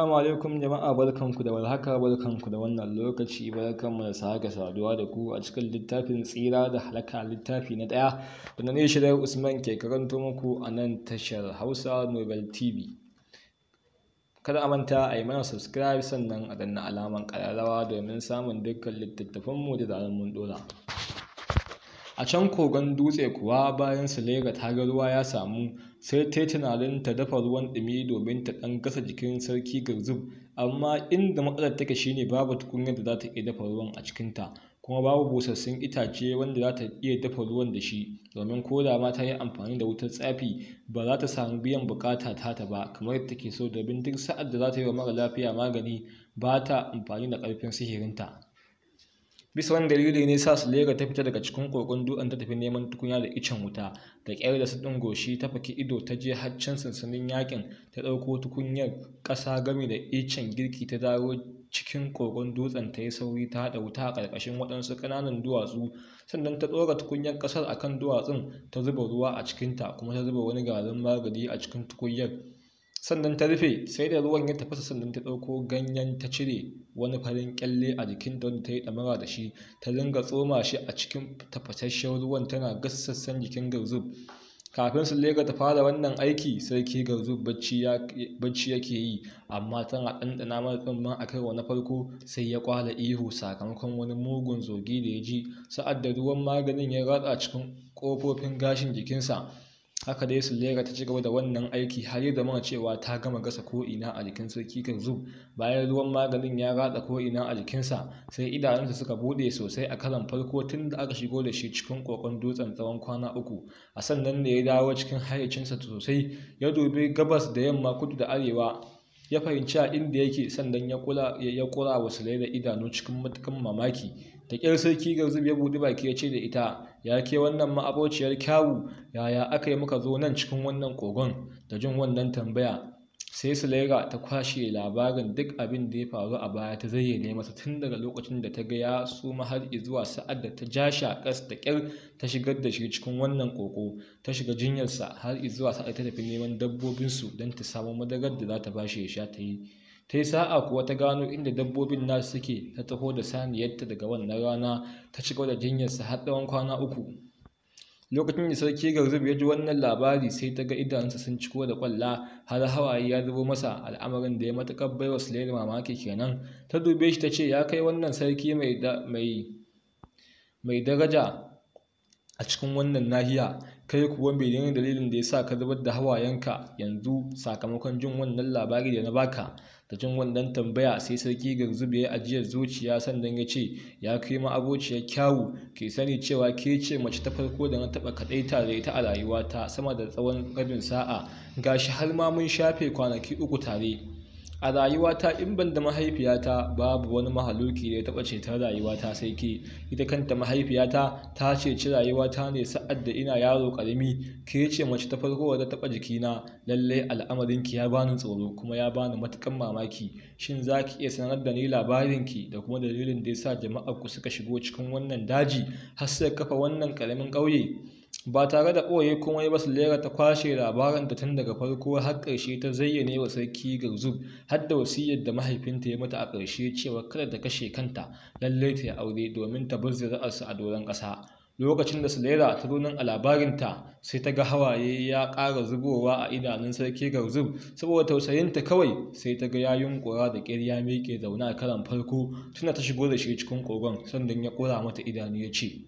Assalamu alaikum jama'a barkanku da warhaka barkanku da wannan lokaci barkanmu da sake saduwa da ku a cikin littafin tsira da halaka littafi na ɗaya da na shirar Usman ke karanto muku a nan tashar Hausa Nobel TV. Kada a manta a yi mana subscribe sannan a danna alaman ƙararrawa domin samun dukkan littattafan mu da zarar mun dora A can kogon dutse kuwa bayan Sulega ta ga ruwa ya samu sai ta yi tunanin ta dafa ruwan ɗumi domin ta ɗan gasa jikin sarki garzub amma inda matsalar take shine babu tukunyar da za ta iya dafa ruwan a cikinta kuma babu busassun itace wanda za ta iya dafa ruwan da shi domin ko da ma ta yi amfani da wutar tsafi ba za ta samu biyan bukata ta ba kamar yadda take so domin duk sa'ad da za ta yi wa mara lafiya magani ba ta amfani da ƙarfin sihirinta bisa wani dalili ne sa su lera ta fita daga cikin kokon dutsen ta tafi neman tukunya da icen wuta da ƙyar da su goshi ta faki ido ta je haccen sansanin yakin ta ɗauko tukunyar ƙasa gami da icen girki ta dawo cikin kogon dutsen ta yi sauri ta haɗa wuta a ƙarƙashin waɗansu ƙananan duwatsu sannan ta ɗora tukunyar ƙasar akan duwatsun ta zuba ruwa a cikinta kuma ta zuba wani garin magani a cikin tukunyar sannan ta rufe sai da ruwan ya tafasa sannan ta ɗauko ganyen ta cire wani farin kyalle a jikin wanda ta yi ɗamara da shi ta ringa tsoma shi a cikin tafasasshen ruwan tana gassassan jikin garzub kafin su lega ta fara wannan aiki sarki garzub bacci yake yi amma tana ɗanɗana mara tsumman a kai wani farko sai ya kwala ihu sakamakon wani mugun zogi da ya ji sa'ad da ruwan maganin ya ratsa cikin ƙofofin gashin jikinsa haka dai sulera ta ci gaba da wannan aiki har ya zama cewa ta gama gasa ko'ina a jikin sarki kanzu bayan ruwan maganin ya ratsa ko'ina a jikinsa sai idanunsa suka bude sosai a karan farko tun da aka shigo da shi cikin kokon dutsen tsawon kwana uku a sannan ne ya dawo cikin hayyacinsa sosai ya dubi gabas da yamma kudu da arewa ya fahimci a inda yake sannan ya kula wa sulaira idanu cikin matukan mamaki da ƙyar sarki zubi ya buɗi baki ya ce da ita ya ke wannan ma'abociyar kyawu yaya aka yi muka zo nan cikin wannan kogon da jin wannan tambaya sai sulaira ta kwashe labarin duk abin da ya faru a baya ta zayyane masa tun daga lokacin da ta gaya ya suma har zuwa sa'ad da ta ja shi a da ƙyar ta shigar da shi cikin wannan koko ta shiga jinyarsa har zuwa sa'ad ta tafi neman dabbobinsu don ta samu madarar da za ta bashi ya sha ta yi ta yi sa'a kuwa ta gano inda dabbobin nasu suke ta taho da saniyarta daga wannan rana ta cigaba da jinyarsa har tsawon kwana uku lokacin da sarki garzub ya ji wannan labari sai ta ga idanunsa sun ci da kwalla har hawaye ya zubo masa al'amarin da ya matakar baiwa sulaiman mamaki kenan ta dube shi ta ce ya kai wannan sarki mai daraja a cikin wannan nahiya kai kuwa menene dalilin da ya sa ka zubar da hawayenka yanzu sakamakon jin wannan labari da na baka da jin wannan tambaya sai sarki garzube ya ajiyar zuciya sannan ya ce ya kai ma abociyar kyawu ke sani cewa ke ce mace ta farko da na taɓa kaɗai tare ita a rayuwata sama da tsawon rabin sa'a gashi har ma mun shafe kwanaki uku tare a rayuwata in ban da mahaifiyata babu wani mahaluki da ya taɓa cetar rayuwata sai ke ita kanta mahaifiyata ta ce ci rayuwata ne sa'ad da ina yaro ƙarami ke ce mace ta farko da taɓa jikina lalle al'amarinki ya bani tsoro kuma ya bani matukan mamaki shin za ki iya sanar da ni labarinki da kuma dalilin da ya sa jama'ar ku suka shigo cikin wannan daji har sai kafa wannan ƙaramin ƙauye ba tare da ɓoye komai ba lera ta kwashe labarin da tun daga farko har ƙarshe ta zayyane wa sarki garzub har da wasiyar da mahaifinta ya mata a ƙarshe cewa kada ta kashe kanta lallai ta yi aure domin ta bar zira'arsa a doron ƙasa lokacin da sulera ta zo nan a labarinta sai ta ga hawaye ya ƙara zubowa a idanun sarki garzub saboda tausayinta kawai sai ta ga ya yunƙura da ƙirya mike zaune a karan farko tuna ta shigo da shi cikin kogon sandan ya ƙura mata idanu ya ce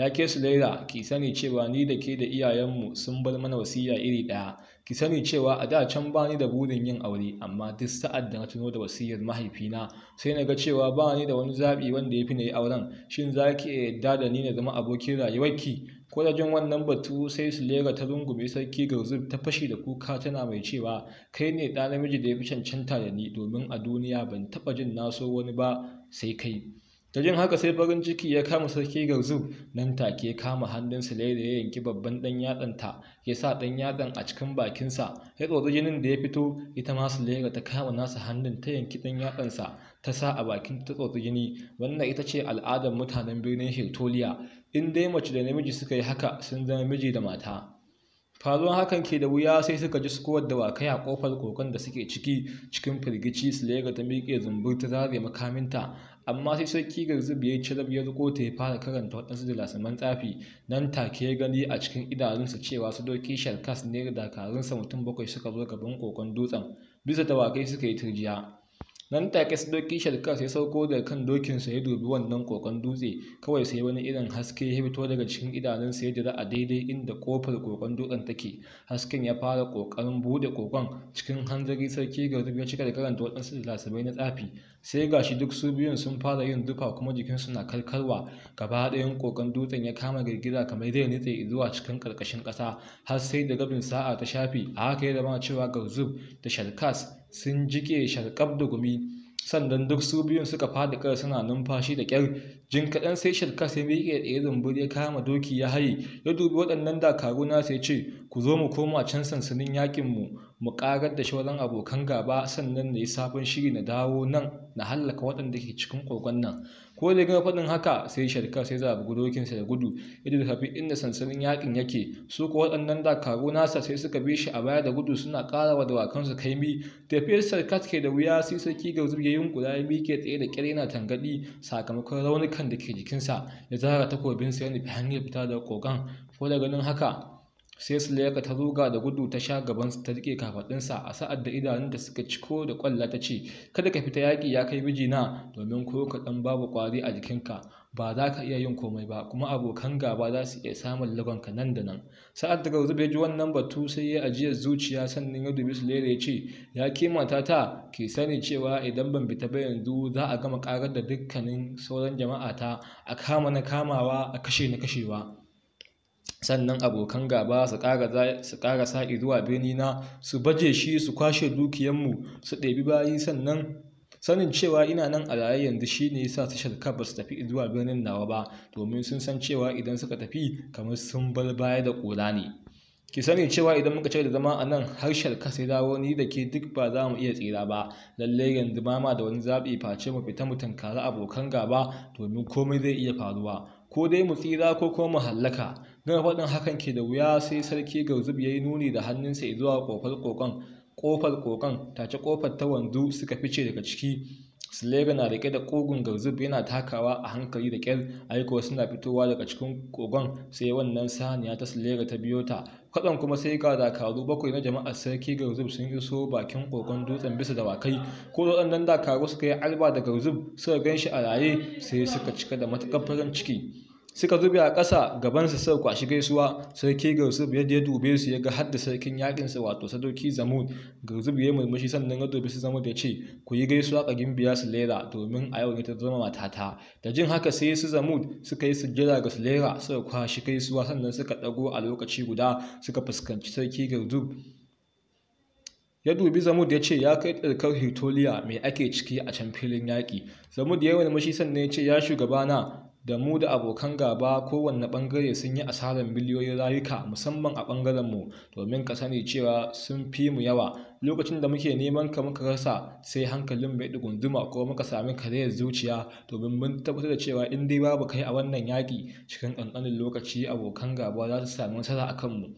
ya ke su sulaira ki sani cewa ni da ke da iyayenmu sun bar mana wasiya iri ɗaya ki sani cewa a da can ba ni da burin yin aure amma duk sa'ad da na tuno da wasiyar mahaifina sai na ga cewa ba ni da wani zaɓi wanda ya fi na yi auren shin za ki yarda da ni na zama abokin rayuwarki jin wannan batu sai su lera ta rungume sarki garzub ta fashi da kuka tana mai cewa kai ne ɗa namiji da ya fi cancanta da ni domin a duniya ban taɓa jin naso wani ba sai kai ta jin haka sai farin ciki ya kama sarki garzu nan take kama hannun da ya yanki babban dan ta ya sa dan yatsan a cikin bakinsa ya tsotsi jinin da ya fito ita ma laida ta kama nasa hannun ta yanki dan yatsansa ta sa a bakin ta tsotsi jini wannan ita ce al'adar mutanen birnin Hiltoliya in dai mace da namiji suka yi haka sun zama miji da mata faruwan hakan ke da wuya sai suka ji sukuwar wakai a kofar kokon da suke ciki cikin firgici laida ta miƙe zumbur ta zare makaminta amma sai sarki garzib ya yi cirab ya ta ya fara karanta waɗansu da dalasiman tsafi nan take ya gani a cikin idanunsa cewa su doki sharkas ne dakarunsa mutum bakwai suka zo gaban kokon dutsen bisa dawakai suka yi turjiya nan take su doki shadka sai sauko da kan dokinsa ya dubi wannan kokon dutse kawai sai wani irin haske ya fito daga cikin idanun ya jira a daidai inda kofar kokon dutsen take hasken ya fara kokarin bude kokon cikin hanzari sarki garzub ya cika da karanta waɗansu lasabai na tsafi sai gashi duk su biyun sun fara yin zufa kuma jikinsu na karkarwa gaba ɗayan kokon dutsen ya kama girgiza kamar zai nutse zuwa cikin karkashin ƙasa har sai da rabin sa'a ta shafi a haka ya zama cewa garzub da shalkas sun jike sharkab da gumi sannan duk su biyun suka faɗi kar suna numfashi da kyar jin kaɗan sai shirka sai miƙe tsaye zumbur ya kama doki ya haye ya dubi waɗannan dakaru na sai ce ku zo mu koma can sansanin yaƙinmu mu ƙagar da shi wajen abokan gaba sannan na yi sabon shiri na dawo nan na hallaka waɗanda ke cikin kogon nan ko da gama faɗin haka sai sharka sai zaɓi gudokinsa da gudu idan tafi inda sansanin yakin yake su ko waɗannan dakaru nasa sai suka bi shi a baya da gudu suna ƙara wa dawakansu kaimi tafiyar sarkat ke da wuya sai sarki ga ya yunkura ya miƙe tsaye da ƙyar yana tangaɗi sakamakon raunukan da ke jikinsa ya zara takobinsa ya nufi hanyar fita da kogon ko da ganin haka sai Suleika ta ruga da gudu ta sha gabansa ta riƙe kafaɗinsa a sa'ad da idanunta suka ciko da kwalla ta ce kada ka fita yaƙi ya kai mijina domin ko ka kaɗan babu ƙwari a jikinka ba za ka iya yin komai ba kuma abokan gaba za su iya samun ka nan da nan sa'ad da zube ji wannan batu sai ya ajiyar zuciya sannan ya dubi sulera ya ce ya kimata ta ke sani cewa idan ban fita ba yanzu za a gama karar da dukkanin sauran jama'a ta a kama na kamawa a kashe na kashewa sannan abokan gaba su ƙara sa'i zuwa birnina su baje shi su kwashe dukiyanmu su ɗebi bayi sannan sanin cewa ina nan a raye yanzu shi ne sa su shirka ba su tafi zuwa birnin nawa ba domin sun san cewa idan suka tafi kamar sun bar baya da ƙura ne ki sani cewa idan muka cire da zama a nan harshen ka sai dawo ni da ke duk ba za mu iya tsira ba lalle yanzu ba ma da wani zaɓi face mu fita mu tunkari abokan gaba domin komai zai iya faruwa ko dai mu tsira ko kuma mu hallaka don faɗin hakan ke da wuya sai sarki gauzub ya yi nuni da hannunsa zuwa ƙofar ƙoƙon ƙofar ƙoƙon tace ƙofar ta wanzu suka fice daga ciki sulega na rike da kogun garzub yana takawa a hankali da ƙyar aiko suna fitowa daga cikin ƙogon sai wannan saniya ta sulega ta biyo ta. Kwaɗon kuma sai ga dakaru bakwai na jama'ar sarki garzub sun iso bakin ƙoƙon dutsen bisa da dawakai. Ko waɗannan dakaru suka yi alba da garzub suka gan shi a raye sai suka cika da matuƙar farin ciki. suka zube a ƙasa gabansa sai kwashi gaisuwa sarki garzub yadda ya dube su ya ga hadda sarkin yaƙinsa wato sadauki zamud garzub ya murmushi sannan ya dube su zamud ya ce ku yi gaisuwa ga gimbiya su lera domin a yau ne ta zama matata da jin haka sai su zamud suka yi sujjada ga su lera suka kwashi gaisuwa sannan suka ɗago a lokaci guda suka fuskanci sarki garzub ya dubi zamud ya ce ya kai tsarkar hitoliya mai ake ciki a can filin yaƙi zamud ya yi wani mashi sannan ya ce ya shugabana da mu da abokan gaba kowanne bangare sun yi asarar miliyoyin rayuka musamman a mu domin ka sani cewa sun fi mu yawa lokacin da muke neman ka muka rasa sai hankalin mai dugunduma ko muka sami karayar zuciya domin mun tabbatar da cewa in dai babu kai a wannan yaki cikin ƙanƙanin lokaci abokan gaba za su sami nasara a kanmu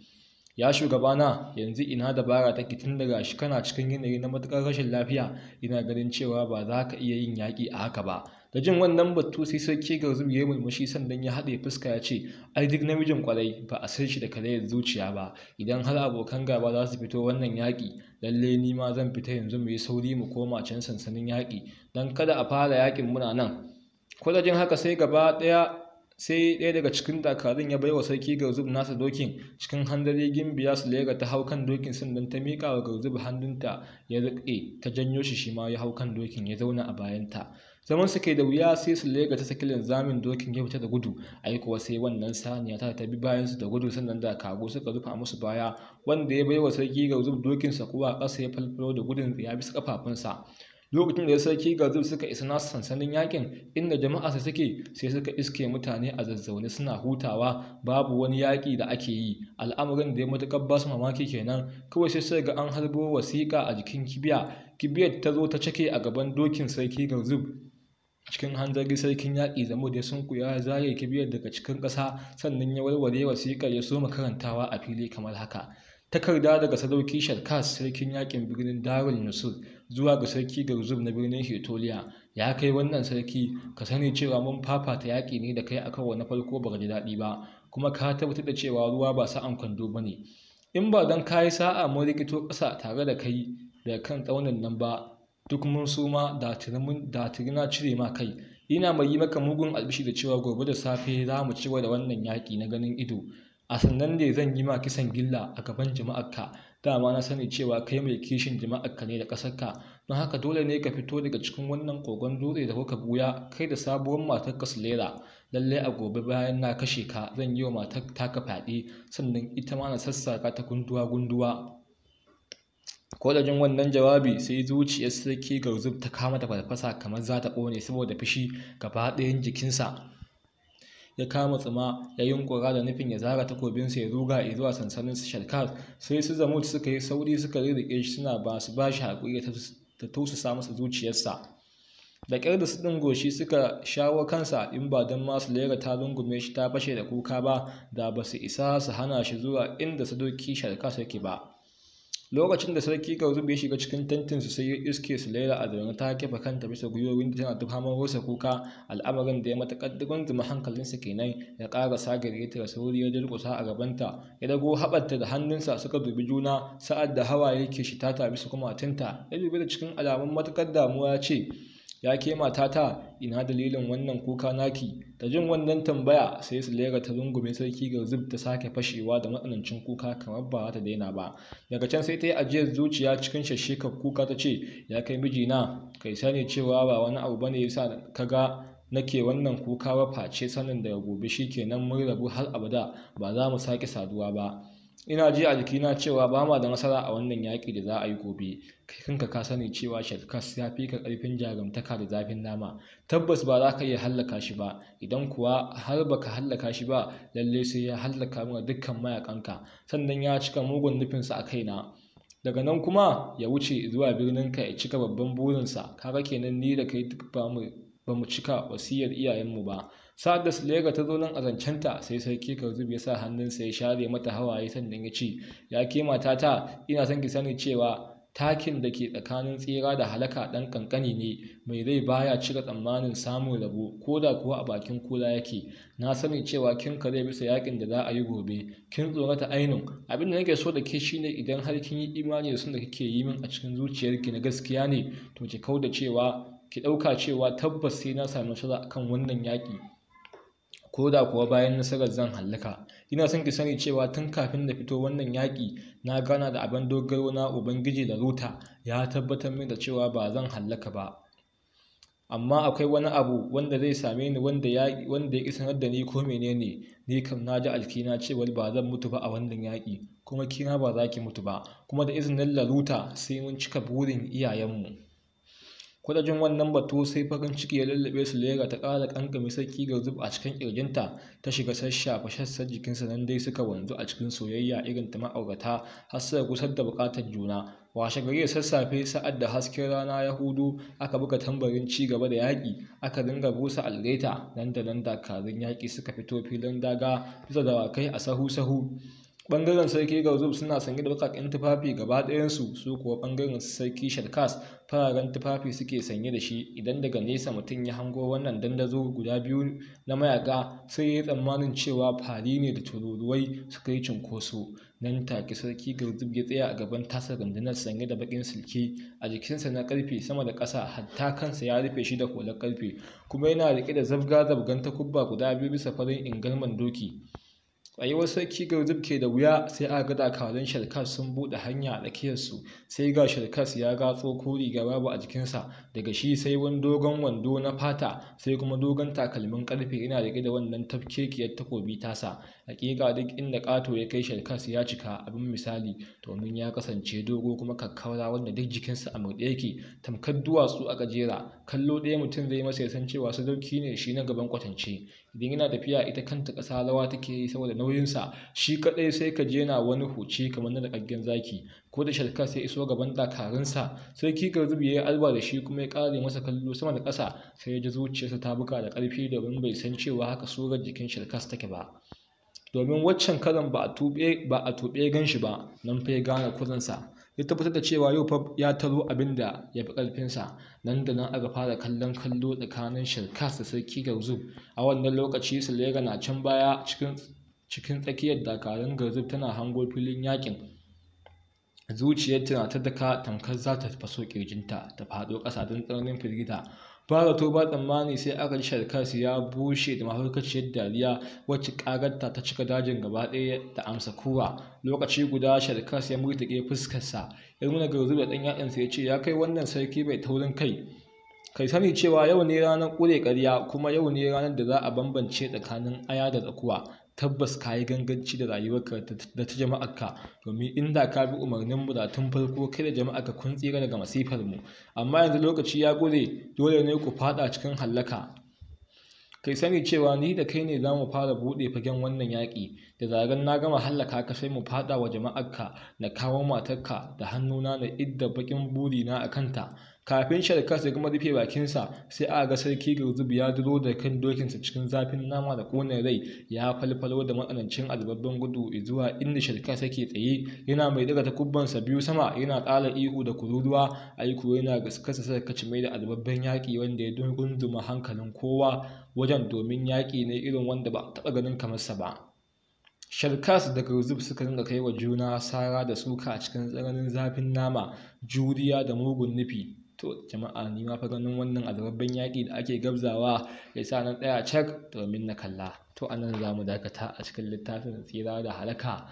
ya shugabana yanzu ina dabara take tun daga shi kana cikin yanayi na matukar rashin lafiya ina ganin cewa ba za ka iya yin yaƙi a haka ba da jin wannan batu sai sarki garzum ya yi murmushi sannan ya haɗe fuska ya ce ai duk namijin kwarai ba a san shi da kalayyar zuciya ba idan har abokan gaba za su fito wannan yaƙi lalle ni ma zan fita yanzu mu yi sauri mu koma can sansanin yaƙi Dan kada a fara yaƙin muna nan kwalajin haka sai gaba ɗaya sai ɗaya daga cikin dakarun ya bai wa sarki garzub nasa dokin cikin handare gimbiya su lega ta hau kan dokin sannan ta miƙa wa garzub hannunta ya riƙe ta janyo shi shi ma ya hau dokin ya zauna a bayanta zaman su ke da wuya sai su lega ta saki linzamin dokin ya fita da gudu ai sai wannan saniya ta tabi bayan su da gudu sannan da kago suka rufa musu baya wanda ya baiwa sarki garzub sa kuwa ƙasa ya falfalo da gudun ya bisa kafafunsa lokacin da sarki gazib suka isa nasu sansanin yakin inda jama'a su suke sai suka iske mutane a zazzaune suna hutawa babu wani yaƙi da ake yi al'amarin da ya matuƙar basu su mamaki kenan kawai sai sai ga an harbo wasiƙa a jikin kibiya kibiyar ta zo ta cike a gaban dokin sarki gazib cikin hanzari sarkin yaƙi zamo da sun kuya ya zaye kibiyar daga cikin ƙasa sannan ya warware wasiƙar ya soma karantawa a fili kamar haka takarda daga sadauki sharkas sarkin yakin birnin darul nusur zuwa ga sarki garzub na birnin hetoliya ya kai wannan sarki ka sani cewa mun fafata yaƙi ne da kai akan wani farko ba ji daɗi ba kuma ka tabbatar da cewa ruwa ba sa an kwando ba ne in ba don kayi sa'a mun rikito ƙasa tare da kai da kan tsaunin nan ba duk mun ma da tirina cire ma kai ina mai yi maka mugun albishi da cewa gobe da safe za mu ci da wannan yaƙi na ganin ido a sannan ne zan yi ma kisan gilla a gaban jama'arka dama na sani cewa kai mai kishin jama'arka ne da ƙasarka don haka dole ne ka fito daga cikin wannan kogon dutse da kuka buya kai da sabuwar matar ka sulera lallai a gobe bayan na kashe ka zan yi wa matar taka fyaɗe sannan ita ma na sassaka ta gunduwa gunduwa ko da jin wannan jawabi sai zuciyar sarki gauzub ta kama da farfasa kamar za ta ƙone saboda fushi gaba ɗayan jikinsa ya kama tsima ya yunkura da nufin ya zara takobin takobinsa ya ruga zuwa sansanin shalkar sai su zamut suka yi sauri suka rirriƙe shi suna ba su ba shi haƙuri ta sa masa zuciyarsa da ƙyar da su goshi suka shawo kansa in ba don masu lera ta rungume shi ta fashe da kuka ba da ba su isa su hana shi zuwa inda sadauki shalkar yake ba lokacin da sarki kauzub ya shiga cikin su sai ya iske su laila a zaune ta kefa kanta bisa gwiwowin da tana hamar wasa kuka al'amarin da ya matakar dukkan zuma hankalinsa kenan ya ƙara sagare ta da sauri ya durƙusa a gabanta ya dago haɓarta da hannunsa suka dubi juna sa'ad da hawaye ke shi ta su kuma tinta ya dubi da cikin alamun matakar damuwa ya ce ya ke matata ina dalilin wannan kuka naki ta jin wannan tambaya sai su lera ta rungume sarki garzib ta sake fashewa da matsanancin kuka kamar ba ta daina ba daga can sai ta yi ajiyar zuciya cikin shashekar kuka ta ce ya kai mijina kai sani cewa ba wani abu bane yasa ka ga nake wannan kuka ba face sanin daga gobe shikenan mun rabu har abada ba za mu sake saduwa ba ina ji a jikina cewa ba ma da nasara a wannan yaƙi da za a yi gobe kai kanka ka sani cewa shadkas ya fi ka karfin jagamtaka da zafin nama tabbas ba za ka iya hallaka shi ba idan kuwa har ba ka hallaka shi ba lalle sai ya hallaka mana dukkan mayakanka sannan ya cika mugun nufinsa a kaina daga nan kuma ya wuce zuwa birnin ka ya cika babban burinsa kaga kenan ni da kai duk ba mu cika wasiyar iyayenmu ba sa'ad da sulega ta zo nan a zancenta sai sarki karzub ya sa hannunsa ya share mata hawaye sannan ya ce ya ke matata ina son ki sani cewa takin da ke tsakanin tsira da halaka ɗan kankani ne mai rai baya cika tsammanin samun rabo ko da kuwa a bakin kula yake na sani cewa kin kare bisa yakin da za a yi gobe kin tsorata ainun abin da nake so da ke shine idan har kin yi imani da sun da kike yi min a cikin zuciyarki na gaskiya ne to ki kau da cewa ki ɗauka cewa tabbas sai na sami nasara kan wannan yaƙi ko da kuwa bayan nasarar zan hallaka ina son ki sani cewa tun kafin na fito wannan yaƙi na gana da abin dogaro na ubangiji da ruta ya tabbatar min da cewa ba zan hallaka ba amma akwai wani abu wanda zai same ni wanda ya wanda sanar da ni ko menene ni kam na ji alkina cewa ba zan mutu ba a wannan yaƙi kuma kina ba za ki mutu ba kuma da izinin laruta sai mun cika burin iyayenmu kuda wannan batu sai farin ciki ya lullube su lera ta ƙara mai sarki ga zub a cikin kirjinta ta shiga sassafa sassan jikinsa nan dai suka wanzu a cikin soyayya irin ta ma'aurata har suka gusar da bukatar juna washe gari da sassafe sa'ad da hasken rana ya hudu aka buga tambarin ci gaba da yaƙi aka dinga busa algaita nan da nan dakarun yaƙi suka fito filin daga bisa dawakai a sahu-sahu Ɓangaren sarki gauzub suna sanye da baƙaƙen tufafi gaba ɗayansu su kuwa ɓangaren sarki Shalkas fararen tufafi suke sanye da shi idan daga nesa mutum ya hango wannan dandazo guda biyu na mayaka sai ya yi tsammanin cewa fari ne da tururuwai suka yi cunkoso nan take sarki gauzub ya tsaya a gaban tasar rundunar sanye da bakin silki a jikinsa na karfe sama da ƙasa hatta kansa ya rufe shi da hular karfe kuma yana rike da zabga-zabgan takubba guda biyu bisa farin ingalman doki. tsayuwar sarki garzib ke da wuya sai a ga dakarun shirkas sun buɗe hanya a tsakiyarsu sai ga shirkas ya ga ko riga babu a jikinsa daga shi sai wani dogon wando na fata sai kuma dogon takalmin karfe yana riƙe da wannan tafkekiyar takobi tasa ga duk inda ƙato ya kai shirkas ya cika abin misali domin ya kasance dogo kuma kakkaura wanda duk jikinsa a murɗe yake tamkar duwatsu a gajera kallo ɗaya mutum zai masa ya san cewa sadauki ne shi na gaban kwatance idan yana tafiya ita kanta ƙasa rawa take yi saboda nauyinsa shi kadai sai ka je na wani huce kamar na rikaggen zaki ko da shalka sai iso gaban dakarunsa sai ki zubi ya yi alba da shi kuma ya kare masa kallo sama da ƙasa sai ya ji zuciyarsa ta buga da ƙarfi domin bai san cewa haka surar jikin shalkas take ba domin waccan karan ba a tuɓe gan shi ba nan fa ya gane kuzansa ya tabbatar da cewa yau fa ya taro abin da ya fi ƙarfinsa nan da nan aka fara kallon kallo tsakanin shirkas da sarki garzub a wannan lokaci sulega na can baya cikin cikin tsakiyar dakarun garzub tana hango filin yakin zuciyar tana ta daka tamkar za ta faso kirjinta ta faɗo ƙasa don tsananin firgita fara to ba tsammani sai aka ji sharkarsu ya bushe da mafarkaciyar dariya wacce ƙagarta ta cika dajin gaba ɗaya da amsa kura lokaci guda sharkarsu ya murtake fuskarsa ya nuna garzu da ɗan yaɗansa ya ce ya kai wannan sarki bai taurin kai kai sani cewa yau ne ranar ƙure ƙarya kuma yau ne ranar da za a bambance tsakanin aya da tsakuwa tabbas ka yi ganganci da rayuwarka da ta jama'arka domin inda ka bi umarnin mu da tun farko kai da ka kun tsira daga masifar mu amma yanzu lokaci ya kure dole ne ku fada cikin hallaka kai sani cewa ni da kai ne za mu fara buɗe fagen wannan yaki da zaren na gama hallaka ka sai mu faɗa wa jama'arka na kawo matarka da hannuna na idda baƙin burina a kanta kafin sharkas ya kuma rufe bakinsa sai a ga sarki gurzubi ya duro da kan dokinsa cikin zafin nama da kone rai ya falfalo da matsanancin albabban gudu zuwa inda shirka yake tsaye yana mai daga takubbansa biyu sama yana ƙara ihu da kururuwa aiko yana gaskarsa sarkaci mai da albabban yaki wanda ya dungunzuma hankalin kowa wajen domin yaki ne irin wanda ba taɓa ganin kamarsa ba. sharkas da garzub suka dinga kai wa juna sara da suka a cikin tsananin zafin nama juriya da mugun nufi To jama'a ni ma fa ganin wannan alwabban yaƙi da ake gabzawa ya sa na tsaya cak domin na kalla. To anan za mu dakata a cikin littafin tsira da halaka.